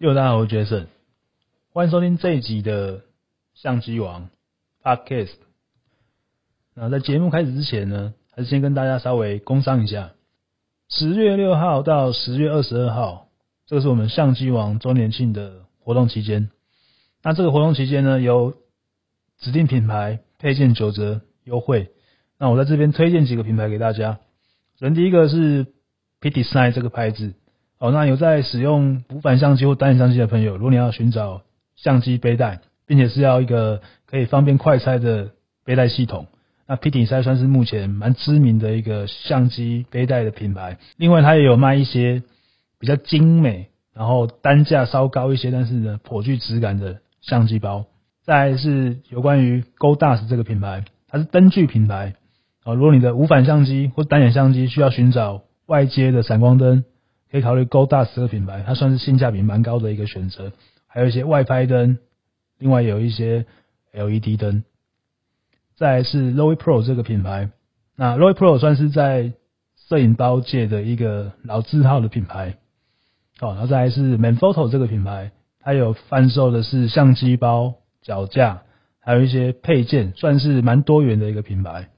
又大家好，我是 Jason，歡迎收聽這一集的相機王 Podcast。那在節目開始之前呢，還是先跟大家稍微工商一下。十月六號到十月二十二號，這個是我們相機王周年慶的活動期間。那這個活動期間呢，有指定品牌配件九折優惠。那我在這邊推薦幾個品牌給大家。首先第一個是 Peak Design 這個牌子。哦，那有在使用無反相機或單眼相機的朋友，如果你要尋找相機背帶，並且是要一個可以方便快拆的背帶系統，那 p i t t 算是目前蠻知名的一個相機背帶的品牌。另外，它也有賣一些比較精美，然後單價稍高一些，但是呢頗具質感的相機包。再來是有關於 Godox 這個品牌，它是燈具品牌。哦，如果你的無反相機或單眼相機需要尋找外接的閃光燈。可以考慮 Godox 這個品牌，它算是性價比蠻高的一個選擇。還有一些外拍燈，另外有一些 LED 燈，再來是 Lowepro 這個品牌，那 Lowepro 算是在攝影包界的一個老字號的品牌。好、哦，然後再來是 Manfrotto 這個品牌，它有販售的是相機包、腳架，還有一些配件，算是蠻多元的一個品牌。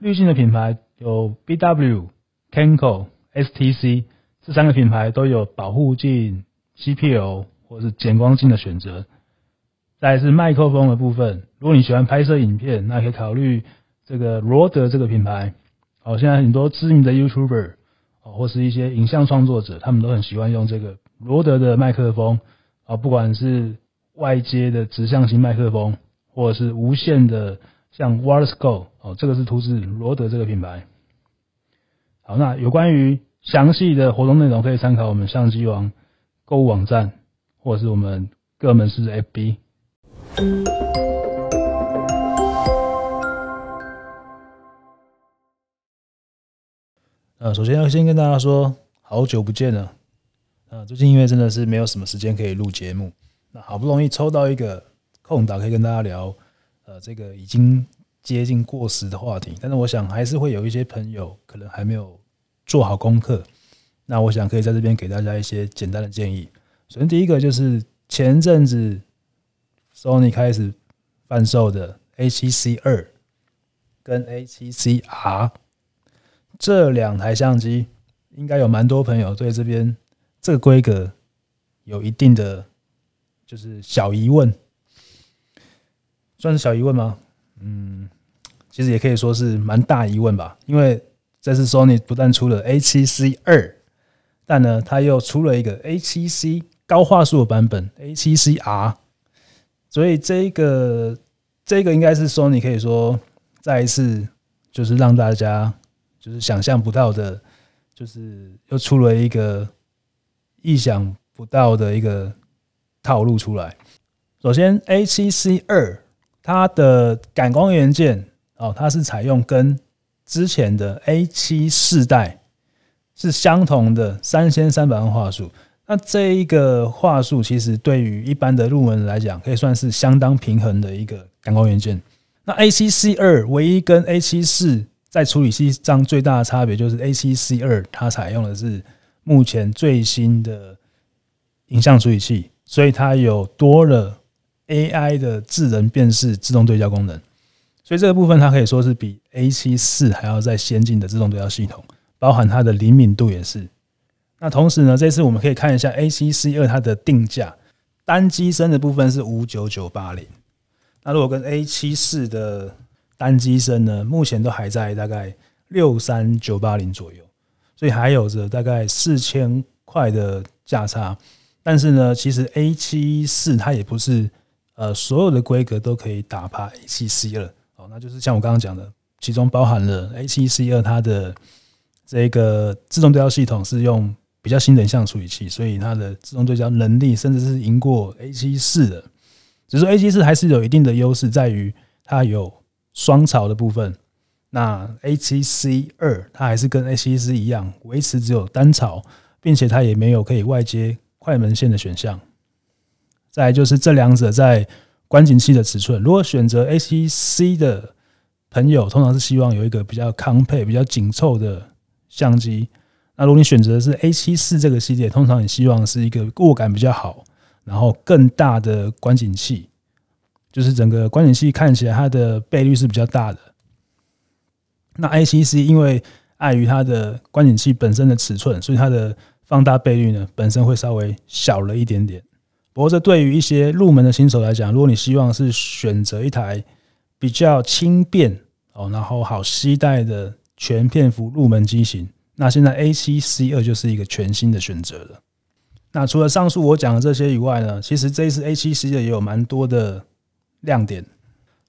濾鏡的品牌有 BW、Kenko、STC。這三個品牌都有保護鏡、CPL 或是減光鏡的選擇。再來是麥克風的部分，如果你喜歡拍攝影片，那可以考慮這個羅德這個品牌。好、哦，現在很多知名的 YouTuber、哦、或是一些影像創作者，他們都很喜歡用這個羅德的麥克風。啊、哦，不管是外接的指向型麥克風，或者是無線的像 Wireless Go 哦，這個是出自羅德這個品牌。好，那有關於。詳細的活動內容可以參考我們相機王購物網站，或者是我們各門市的 FB。呃，首先要先跟大家說，好久不見了。呃，最近因為真的是沒有什麼時間可以錄節目，那好不容易抽到一個空檔可以跟大家聊，呃，這個已經接近過時的話題，但是我想還是會有一些朋友可能還沒有。做好功課，那我想可以在這邊給大家一些簡單的建議。首先，第一個就是前陣子 Sony 開始販售的 A7C 二跟 A7CR 這兩台相機，應該有蠻多朋友對這邊這個規格有一定的就是小疑問，算是小疑問嗎？嗯，其實也可以說是蠻大疑問吧，因為。這次索尼不但出了 A7C 二，但呢，它又出了一個 A7C 高畫素的版本 A7CR，所以這個這個應該是索尼可以說再一次就是讓大家就是想象不到的，就是又出了一個意想不到的一個套路出來。首先 A7C 二它的感光元件哦，它是採用跟之前的 A 七四代，是相同的三千三百萬畫素，那這一個畫素其實對於一般的入門來講，可以算是相當平衡的一個感光元件。那 A 七 C 二唯一跟 A 七四在處理器上最大的差別就是 A 七 C 二它採用的是目前最新的影像處理器，所以它有多了 AI 的智能辨識自動對焦功能。所以這個部分它可以說是比 A7 四還要再先進的自動對焦系統，包含它的靈敏度也是。那同時呢，這次我們可以看一下 A7C 二它的定價，單機身的部分是五九九八零。那如果跟 A7 四的單機身呢，目前都還在大概六三九八零左右，所以還有着大概四千塊的價差。但是呢，其實 A7 四它也不是呃所有的規格都可以打趴 A7C 二。那就是像我剛剛講的，其中包含了 A 七 C 二它的這個自動對焦系統是用比較新人像處理器，所以它的自動對焦能力甚至是贏過 A 七四的。只是 A 七四還是有一定的優勢，在於它有雙槽的部分。那 A 七 C 二它還是跟 A 七四一樣，維持只有單槽，並且它也沒有可以外接快門線的選項。再來就是這兩者在，觀景器的尺寸，如果選擇 A7C 的朋友，通常是希望有一個比較 compact、比較緊湊的相機。那如果你選擇的是 A7IV 這個系列，通常你希望是一個握感比較好，然後更大的觀景器，就是整個觀景器看起來它的倍率是比較大的。那 A7C 因為礙於它的觀景器本身的尺寸，所以它的放大倍率呢，本身會稍微小了一點點。不過，這對於一些入門的新手來講，如果你希望是選擇一台比較輕便哦，然後好攜帶的全片幅入門機型，那現在 A7CII 就是一個全新的選擇了。那除了上述我講的這些以外呢，其實這一次 A7CII 也有蠻多的亮點。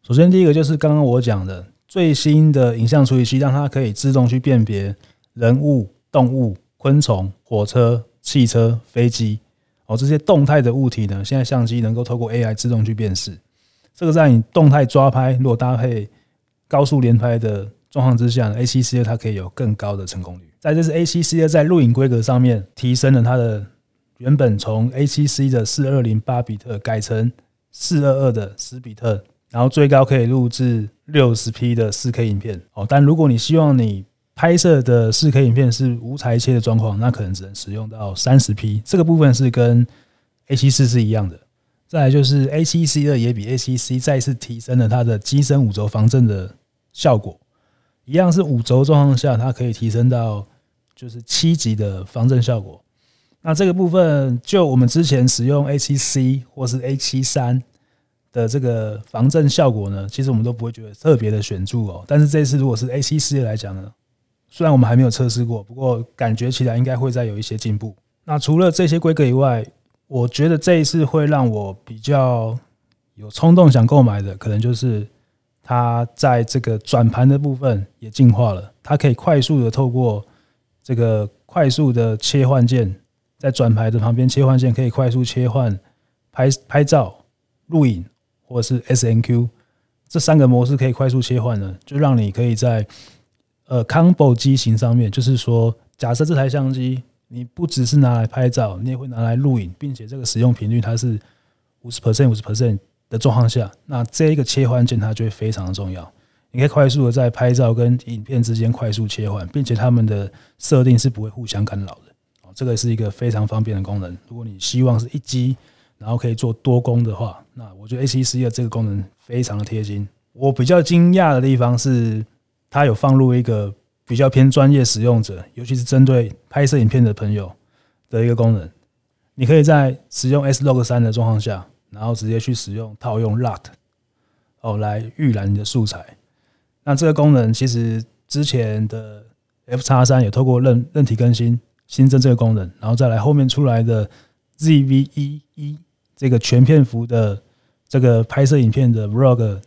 首先，第一個就是剛剛我講的最新的影像處理器，讓它可以自動去辨別人物、動物、昆蟲、火車、汽車、飛機。哦，這些動態的物體呢，現在相機能夠透過 AI 自動去辨識，這個在你動態抓拍，如果搭配高速連拍的狀況之下，A7C 它可以有更高的成功率。再就是，在這次 A7C 在錄影規格上面提升了它，的原本從 A7C 的420八比特，改成422的十比特，然後最高可以錄製 60P 的 4K 影片。哦，但如果你希望你拍攝的四 K 影片是無裁切的狀況，那可能只能使用到三十 P。這個部分是跟 A 七四是一樣的。再來就是 A 七 C 2也比 A 七 C 再一次提升了它的機身五軸防震的效果，一樣是五軸狀況下，它可以提升到就是七級的防震效果。那這個部分就我們之前使用 A 七 C 或是 A 七三的這個防震效果呢，其實我們都不會覺得特別的顯著哦。但是這次如果是 A 七四來講呢？雖然我們還沒有測試過，不過感覺起來應該會再有一些進步。那除了這些規格以外，我覺得這一次會讓我比較有衝動想購買的，可能就是它在這個轉盤的部分也進化了。它可以快速的透過這個快速的切換鍵，在轉盤的旁邊切換鍵可以快速切換拍拍照、錄影或是 SNQ 這三個模式，可以快速切換的，就讓你可以在。呃，combo 機型上面就是說，假設這台相機你不只是拿來拍照，你也會拿來錄影，並且這個使用頻率它是五十 percent 五十 percent 的狀況下，那這一個切換鍵它就會非常的重要，你可以快速的在拍照跟影片之間快速切換，並且他們的設定是不會互相干擾的，哦，這個是一個非常方便的功能。如果你希望是一機，然後可以做多功的話，那我覺得 A7C II 的這個功能非常的貼心。我比較驚訝的地方是。它有放入一個比較偏專業使用者，尤其是針對拍攝影片的朋友的一個功能。你可以在使用 S Log 三的狀況下，然後直接去使用套用 LUT，哦，來預覽你的素材。那這個功能其實之前的 FX3 也透過韌韌體更新新增這個功能，然後再來後面出來的 ZV-E1 這個全片幅的這個拍攝影片的 Vlog。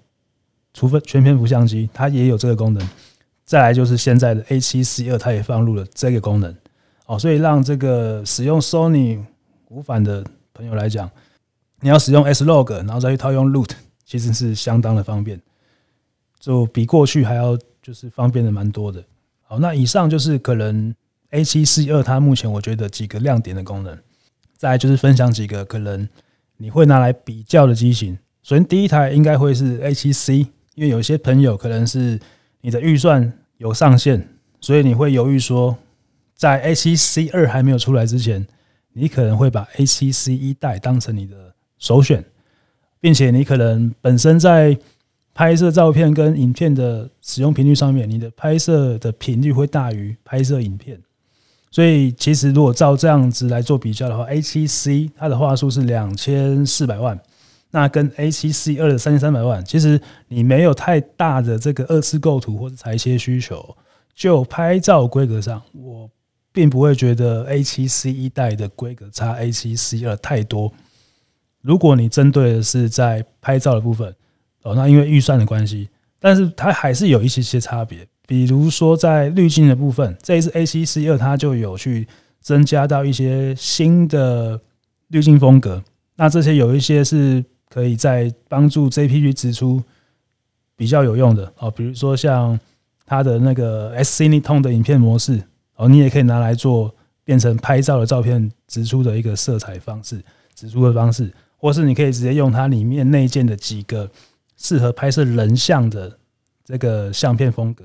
除非全片幅相機，它也有這個功能。再來就是現在的 A 七 C 二，它也放入了這個功能。哦，所以讓這個使用 Sony 無反的朋友來講，你要使用 S-Log，然後再去套用 LUT，其實是相當的方便，就比過去還要就是方便的蠻多的。好，那以上就是可能 A 七 C 二它目前我覺得幾個亮點的功能。再來就是分享幾個可能你會拿來比較的機型。首先第一台應該會是 A 七 C。因為有些朋友可能是你的預算有上限，所以你會猶豫說，在 A7C 二還沒有出來之前，你可能會把 A7C 一代當成你的首選，並且你可能本身在拍攝照片跟影片的使用頻率上面，你的拍攝的頻率會大於拍攝影片，所以其實如果照這樣子來做比較的話，A7C 它的畫素是兩千四百萬。那跟 A7C 二的三千三百萬，其實你沒有太大的這個二次構圖或者裁切需求，就拍照規格上，我並不會覺得 A7C 一代的規格差 A7C 二太多。如果你針對的是在拍照的部分哦，那因為預算的關係，但是它還是有一些些差別，比如說在濾鏡的部分，這一次 A7C 二它就有去增加到一些新的濾鏡風格，那這些有一些是。可以在幫助 JPG 直出比較有用的哦，比如說像它的那個 S-Cinetone 的影片模式哦，你也可以拿來做變成拍照的照片直出的一個色彩方式，直出的方式，或是你可以直接用它裡面內建的幾個適合拍攝人像的這個相片風格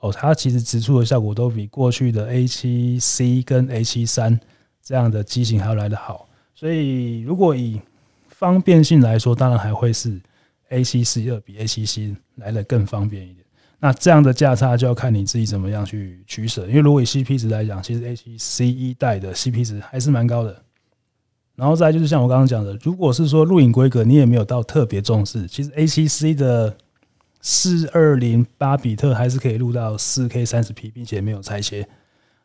哦，它其實直出的效果都比過去的 A 七 C 跟 A 七三這樣的機型還要來得好，所以如果以方便性來說，當然還會是 A7C 二比 A7C 來得更方便一點。那這樣的價差就要看你自己怎麼樣去取捨。因為如果以 CP 值來講，其實 A7C 一代的 CP 值還是蠻高的。然後再就是像我剛剛講的，如果是說錄影規格你也沒有到特別重視，其實 A7C 的四二零八比特還是可以錄到四 K 三十 P，並且沒有裁切。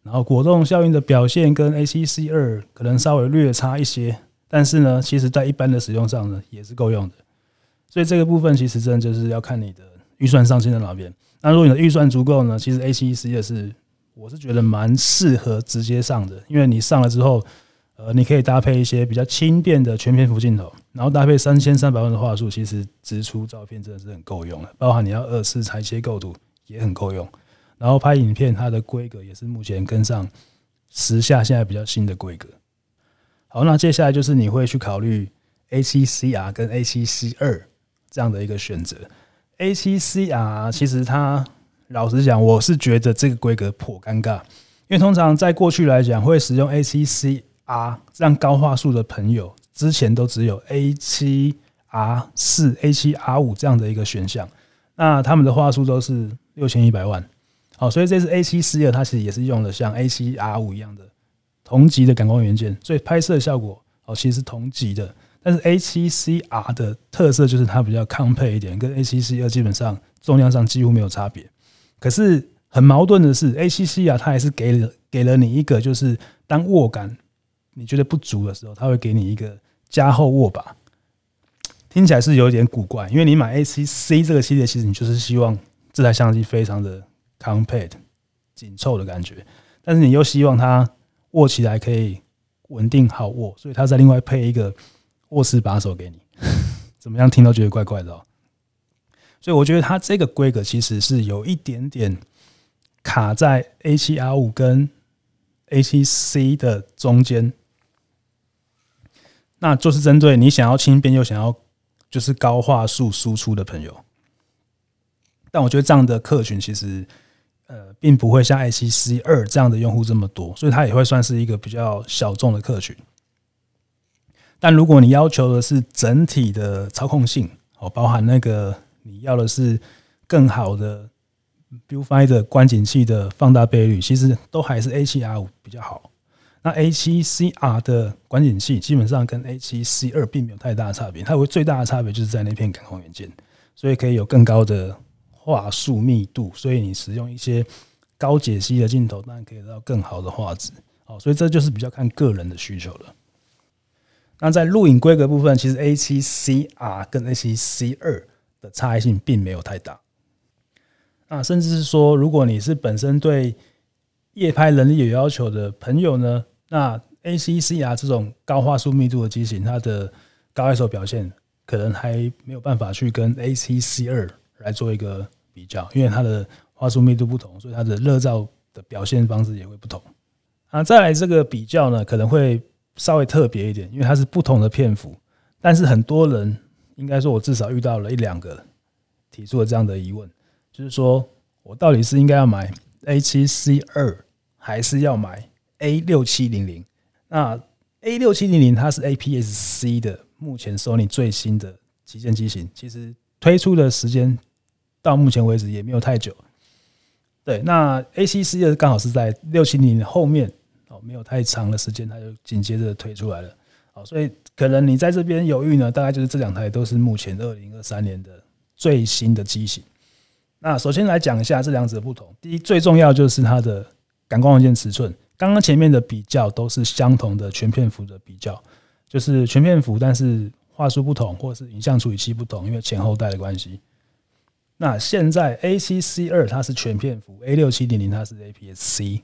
然後果凍效應的表現跟 A7C 二可能稍微略差一些。但是呢，其實在一般的使用上呢，也是夠用的。所以這個部分其實真的就是要看你的預算上限在哪邊。那如果你的預算足夠呢，其實 A 七 C 也是我是覺得蠻適合直接上的，因為你上了之後，呃，你可以搭配一些比較輕便的全片幅鏡頭，然後搭配三千三百萬的畫素，其實直出照片真的是很夠用了，包含你要二次裁切構圖也很夠用。然後拍影片，它的規格也是目前跟上時下現在比較新的規格。好，那接下來就是你會去考慮 A 七 C R 跟 A 七 C 二這樣的一個選擇。A 七 C R 其實它老實講，我是覺得這個規格頗尷尬，因為通常在過去來講，會使用 A 七 C R 這樣高畫素的朋友，之前都只有 A 七 R 四、A 七 R 五這樣的一個選項，那他們的畫素都是六千一百萬。好，所以這次 A 七 C 二，它其實也是用的像 A 七 R 五一樣的。同級的感光元件，所以拍攝的效果哦其實是同級的。但是 A7CR 的特色就是它比較 compact 一點，跟 A7C 二基本上重量上幾乎沒有差別。可是很矛盾的是，A7CR 它還是給了給了你一個就是當握感你覺得不足的時候，它會給你一個加厚握把。聽起來是有點古怪，因為你買 A7C 這個系列，其實你就是希望這台相機非常的 compact 緊湊的感覺，但是你又希望它。握起來可以穩定好握，所以它再另外配一個握持把手給你，怎麼樣？聽都覺得怪怪的哦，所以我覺得它這個規格其實是有一點點卡在 A 七 R 五跟 A 七 C 的中間，那就是針對你想要輕便又想要就是高畫素輸出的朋友，但我覺得這樣的客群其實。呃，並不會像 A 七 C 二這樣的用戶這麼多，所以它也會算是一個比較小眾的客群。但如果你要求的是整體的操控性，哦，包含那個你要的是更好的 View Five 的觀景器的放大倍率，其實都還是 A 七 R 五比較好。那 A 七 C R 的觀景器基本上跟 A 七 C 二並沒有太大的差別，它有最大的差別就是在那片感光元件，所以可以有更高的。畫素密度，所以你使用一些高解析的鏡頭，當然可以得到更好的畫質。好，所以這就是比較看個人的需求了。那在錄影規格部分，其實 A7CR 跟 A7C 二的差異性並沒有太大。那甚至是說，如果你是本身對夜拍能力有要求的朋友呢，那 A7CR 這種高畫素密度的機型，它的高 ISO 表現可能還沒有辦法去跟 A7C 二來做一個。比較，因為它的畫素密度不同，所以它的熱噪的表現方式也會不同。啊，再來這個比較呢，可能會稍微特別一點，因為它是不同的片幅。但是很多人應該說，我至少遇到了一兩個提出了這樣的疑問，就是說我到底是應該要買 A 七 C 二，還是要買 A 六七零零？那 A 六七零零它是 APS-C 的，目前 Sony 最新的旗艦機型，其實推出的時間。到目前為止也沒有太久，對，那 A7C 系列剛好是在六七零後面哦，沒有太長的時間，它就緊接着推出來了，好，所以可能你在這邊猶豫呢，大概就是這兩台都是目前二零二三年的最新的機型。那首先來講一下這兩者的不同，第一，最重要就是它的感光元件尺寸。剛剛前面的比較都是相同的全片幅的比較，就是全片幅，但是畫素不同，或者是影像處理器不同，因為前後代的關係。那現在 A7C2 它是全片幅，A6700 它是 APS-C，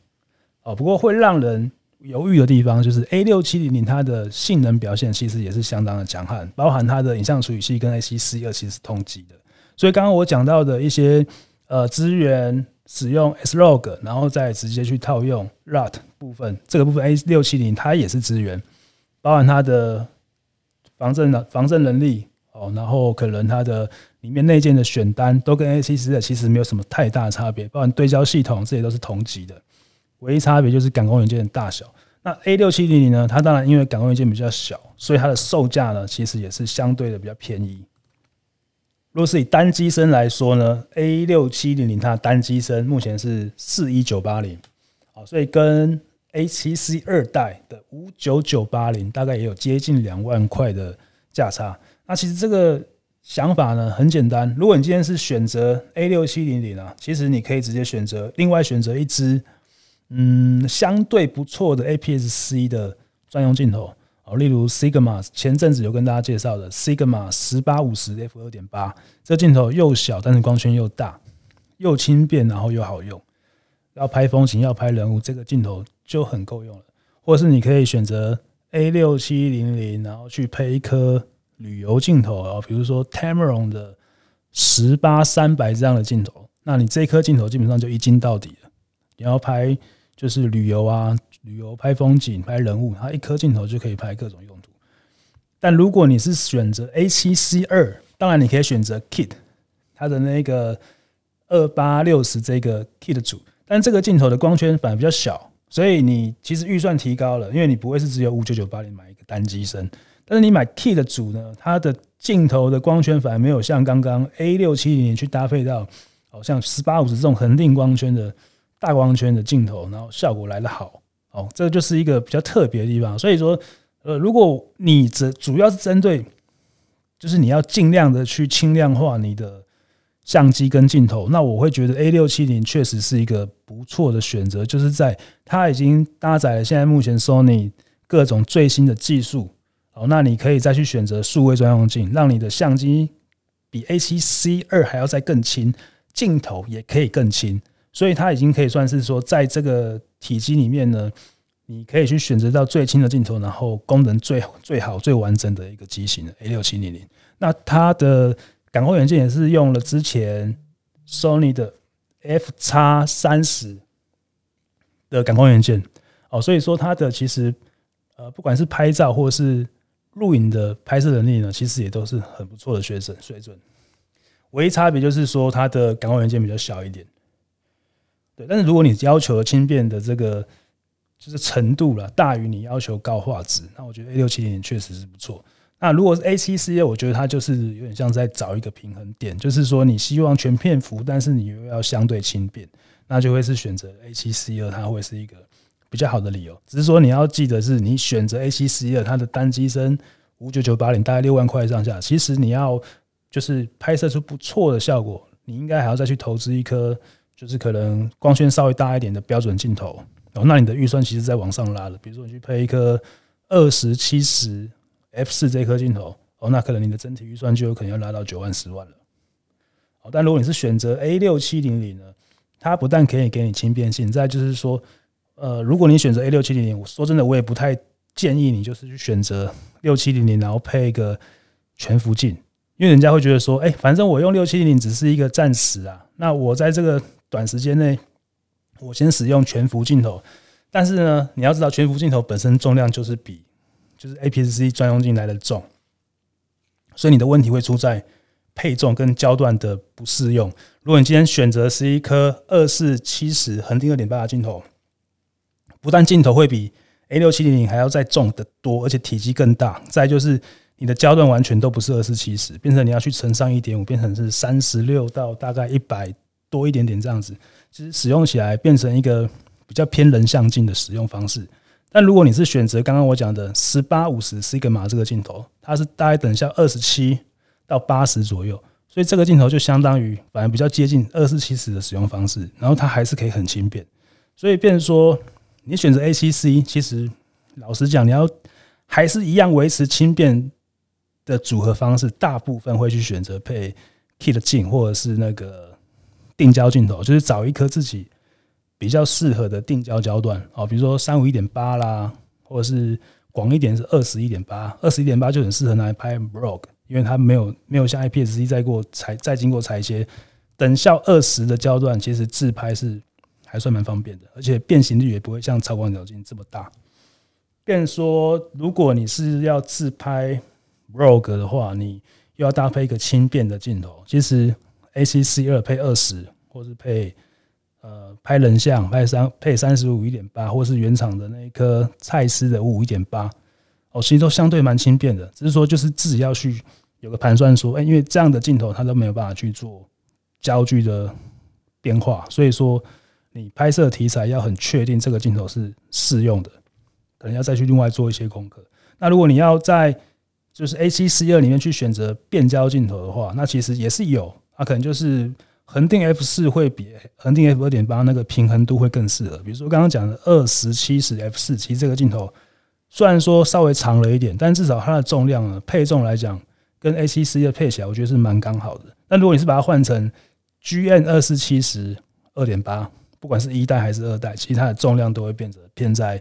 哦，不過會讓人猶豫的地方就是 A6700 它的性能表現其實也是相當的強悍，包含它的影像處理器跟 A7C2 其實是同級的。所以剛剛我講到的一些呃支援使用 S-Log，然後再直接去套用 LUT 部分這個部分 A6700 它也是支援，包含它的防震防震能力哦，然後可能它的。裡面內建的選單都跟 A 七 C 的其實沒有什麼太大的差別，包括對焦系統這些都是同級的，唯一差別就是感光元件的大小。那 A 六七零零呢？它當然因為感光元件比較小，所以它的售價呢其實也是相對的比較便宜。如果是以單機身來說呢，A 六七零零它的單機身目前是四一九八零，啊，所以跟 A 七 C 二代的五九九八零大概也有接近兩萬塊的價差。那其實這個。想法呢很簡單，如果你今天是選擇 A 六七零零啊，其實你可以直接選擇另外選擇一支嗯相對不錯的 APS C 的專用鏡頭啊，例如 Sigma 前陣子有跟大家介紹的 Sigma 十八五十 F 二點八，這鏡頭又小但是光圈又大又輕便，然後又好用。要拍風景要拍人物，這個鏡頭就很夠用了。或者是你可以選擇 A 六七零零，然後去配一顆。旅遊鏡頭啊，比如說 Tamron 的十八三百這樣的鏡頭，那你這顆鏡頭基本上就一鏡到底了。你要拍就是旅遊啊，旅遊拍風景、拍人物，它一顆鏡頭就可以拍各種用途。但如果你是選擇 A7C 二，當然你可以選擇 Kit，它的那個二八六十這個 Kit 組，但這個鏡頭的光圈反而比較小，所以你其實預算提高了，因為你不會是只有五九九八零買一個單機身。那你買 T 的組呢？它的鏡頭的光圈反而沒有像剛剛 A6700 去搭配到，好像十八五十這種恆定光圈的大光圈的鏡頭，然後效果來得好哦。這就是一個比較特別的地方。所以說，呃，如果你主要是針對，就是你要儘量的去輕量化你的相機跟鏡頭，那我會覺得 A6700 確實是一個不錯的選擇，就是在它已經搭載了現在目前 Sony 各種最新的技術。那你可以再去選擇數位專用鏡，讓你的相機比 A7C 二還要再更輕，鏡頭也可以更輕，所以它已經可以算是說，在這個體積裡面呢，你可以去選擇到最輕的鏡頭，然後功能最好最好、最完整的一個機型 A 六七零零。那它的感光元件也是用了之前 Sony 的 F 叉三十的感光元件，哦，所以說它的其實呃，不管是拍照或是錄影的拍攝能力呢，其實也都是很不錯的學生水準，唯一差別就是說它的感光元件比較小一點。對，但是如果你要求輕便的這個就是程度了大於你要求高畫質，那我覺得 A 六七零確實是不錯。那如果是 A 七 C 二，我覺得它就是有點像在找一個平衡點，就是說你希望全片幅，但是你又要相對輕便，那就會是選擇 A 七 C 二，它會是一個。比較好的理由，只是說你要記得是，你選擇 A7C 系列，它的單機身五九九八零大概六萬塊上下。其實你要就是拍攝出不錯的效果，你應該還要再去投資一顆，就是可能光圈稍微大一點的標準鏡頭，喔。然後那你的預算其實在往上拉的。比如說你去配一顆二十七十 f 四這顆鏡頭，哦，那可能你的整體預算就有可能要拉到九萬十萬了。哦，但如果你是選擇 A 六七零零呢，它不但可以給你輕便性，再就是說。呃，如果你選擇 A6700，我說真的，我也不太建議你就是去選擇6700，然後配一個全幅鏡，因為人家會覺得說，哎、欸，反正我用6700只是一個暫時啊，那我在這個短時間內，我先使用全幅鏡頭。但是呢，你要知道全幅鏡頭本身重量就是比就是 APS-C 專用鏡來的重，所以你的問題會出在配重跟焦段的不適用。如果你今天選擇是一顆二四七十恆定二點八的鏡頭。不但鏡頭會比 A6700 還要再重得多，而且體積更大。再就是你的焦段完全都不是二四七十，變成你要去乘上一點五，變成是三十六到大概一百多一點點這樣子。其實使用起來變成一個比較偏人像鏡的使用方式。但如果你是選擇剛剛我講的十八五十西格瑪這個鏡頭，它是大概等效二十七到八十左右，所以這個鏡頭就相當於反而比較接近二四七十的使用方式，然後它還是可以很輕便，所以變成說。你選擇 A7C，其實老實講，你要還是一樣維持輕便的組合方式，大部分會去選擇配 kit 鏡或者是那個定焦鏡頭，就是找一顆自己比較適合的定焦焦段哦，比如說三五一點八啦，或者是廣一點是二十一點八，二十一點八就很適合拿來拍 vlog，因為它沒有沒有像 APS-C 再過裁再經過裁切，等效二十的焦段，其實自拍是。還算蠻方便的，而且變形率也不會像超廣角鏡這麼大。便說，如果你是要自拍、vlog 的話，你又要搭配一個輕便的鏡頭，其實 A7C 二配二十，或是配呃拍人像拍三配三十五一點八，或是原廠的那一顆蔡司的五五一點八，哦，其實都相對蠻輕便的。只是說，就是自己要去有個盤算，說，哎，因為這樣的鏡頭它都沒有辦法去做焦距的變化，所以說。你拍攝題材要很確定這個鏡頭是適用的，可能要再去另外做一些功課。那如果你要在就是 A7C 二裡面去選擇變焦鏡頭的話，那其實也是有、啊，那可能就是恆定 F 四會比恆定 F 二點八那個平衡度會更適合。比如說剛剛講的二十七十 F 四，其實這個鏡頭雖然說稍微長了一點，但至少它的重量呢，配重來講，跟 A7C 二配起來我覺得是蠻剛好的。但如果你是把它換成 G N 二四七十二點八。不管是一代還是二代，其實它的重量都會變得偏在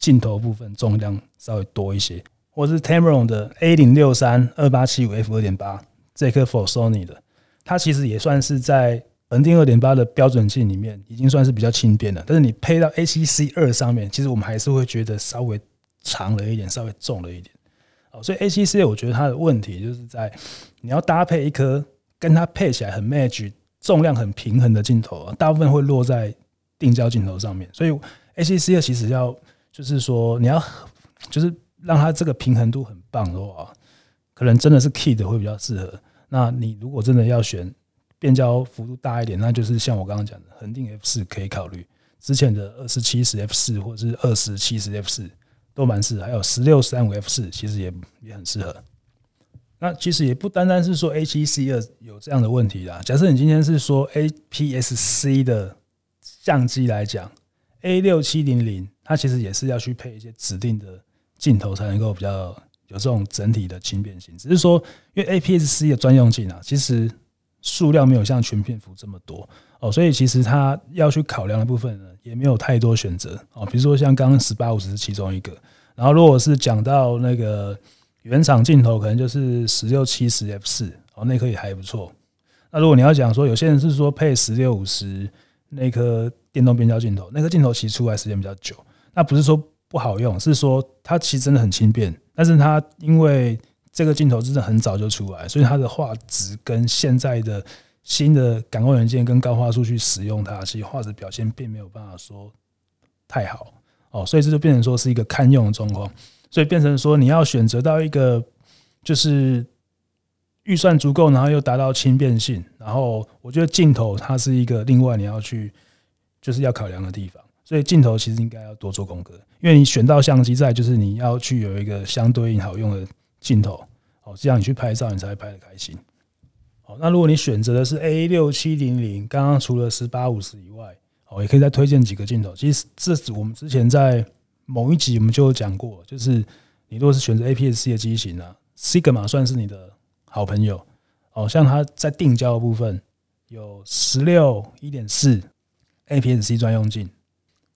鏡頭部分，重量稍微多一些。或者是 Tamron 的 A 零六三二八七五 F 二點八，這顆 For Sony 的，它其實也算是在穩定二點八的標準鏡裡面，已經算是比較輕便了。但是你配到 A 七 C 二上面，其實我們還是會覺得稍微長了一點，稍微重了一點。哦，所以 A 七 C 我覺得它的問題就是在你要搭配一顆跟它配起來很 match。重量很平衡的鏡頭啊，大部分會落在定焦鏡頭上面，所以 A C C a 其實要就是說，你要就是讓它這個平衡度很棒的話，啊，可能真的是 kit 的會比較適合。那你如果真的要選變焦幅度大一點，那就是像我剛剛講的恆定 f 四可以考慮，之前的二十七十 f 四或者是二十七十 f 四都蠻適，還有十六三五 f 四其實也也很適合。那其實也不單單是說 A7C2 有這樣的問題啦。假設你今天是說 A P S C 的相機來講，A 六七零零它其實也是要去配一些指定的鏡頭才能夠比較有這種整體的輕便性。只是說，因為 A P S C 的專用鏡啊，其實數量沒有像全片幅這麼多哦、喔，所以其實它要去考量的部分呢，也沒有太多選擇哦。比如說像剛剛十八五十是其中一個，然後如果是講到那個。原廠鏡頭可能就是十六七十 f 四哦，那顆也還不錯。那如果你要講說，有些人是說配十六五十那顆電動變焦鏡頭，那顆鏡頭其實出來時間比較久，那不是說不好用，是說它其實真的很輕便。但是它因為這個鏡頭真的很早就出來，所以它的畫質跟現在的新的感光元件跟高畫素去使用它，其實畫質表現並沒有辦法說太好哦，所以這就變成說是一個堪用的狀況。所以變成說，你要選擇到一個就是預算足夠，然後又達到輕便性。然後我覺得鏡頭它是一個另外你要去就是要考量的地方。所以鏡頭其實應該要多做功課，因為你選到相機在，就是你要去有一個相對應好用的鏡頭，哦，這樣你去拍照你才會拍得開心。好，那如果你選擇的是 A 六七零零，剛剛除了十八五十以外，哦，也可以再推薦幾個鏡頭。其實這是我們之前在。某一集我們就有講過，就是你如果是選擇 APS-C 的機型呢、啊，Sigma 算是你的好朋友。哦，像它在定焦的部分有十六一點四 APS-C 專用鏡，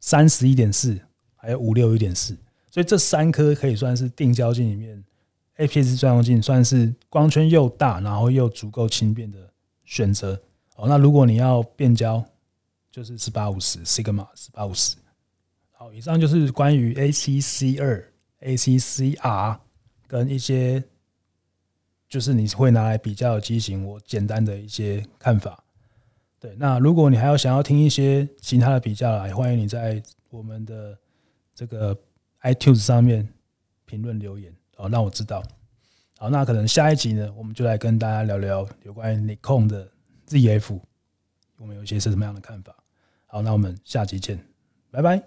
三十一點四，還有五六一點四，所以這三顆可以算是定焦鏡裡面 APS-C 專用鏡，算是光圈又大，然後又足夠輕便的選擇。哦，那如果你要變焦，就是十八五十 Sigma 十八五十。好，以上就是關於 A7C II A7C R 跟一些就是你會拿來比較的機型，我簡單的一些看法。對，那如果你還有想要聽一些其他的比較，歡迎你在我們的這個 iTunes 上面評論留言哦，讓我知道。好，那可能下一集呢，我們就來跟大家聊聊有關於 Nikon 的 Z F，我們有一些是什麼樣的看法。好，那我們下集見，拜拜。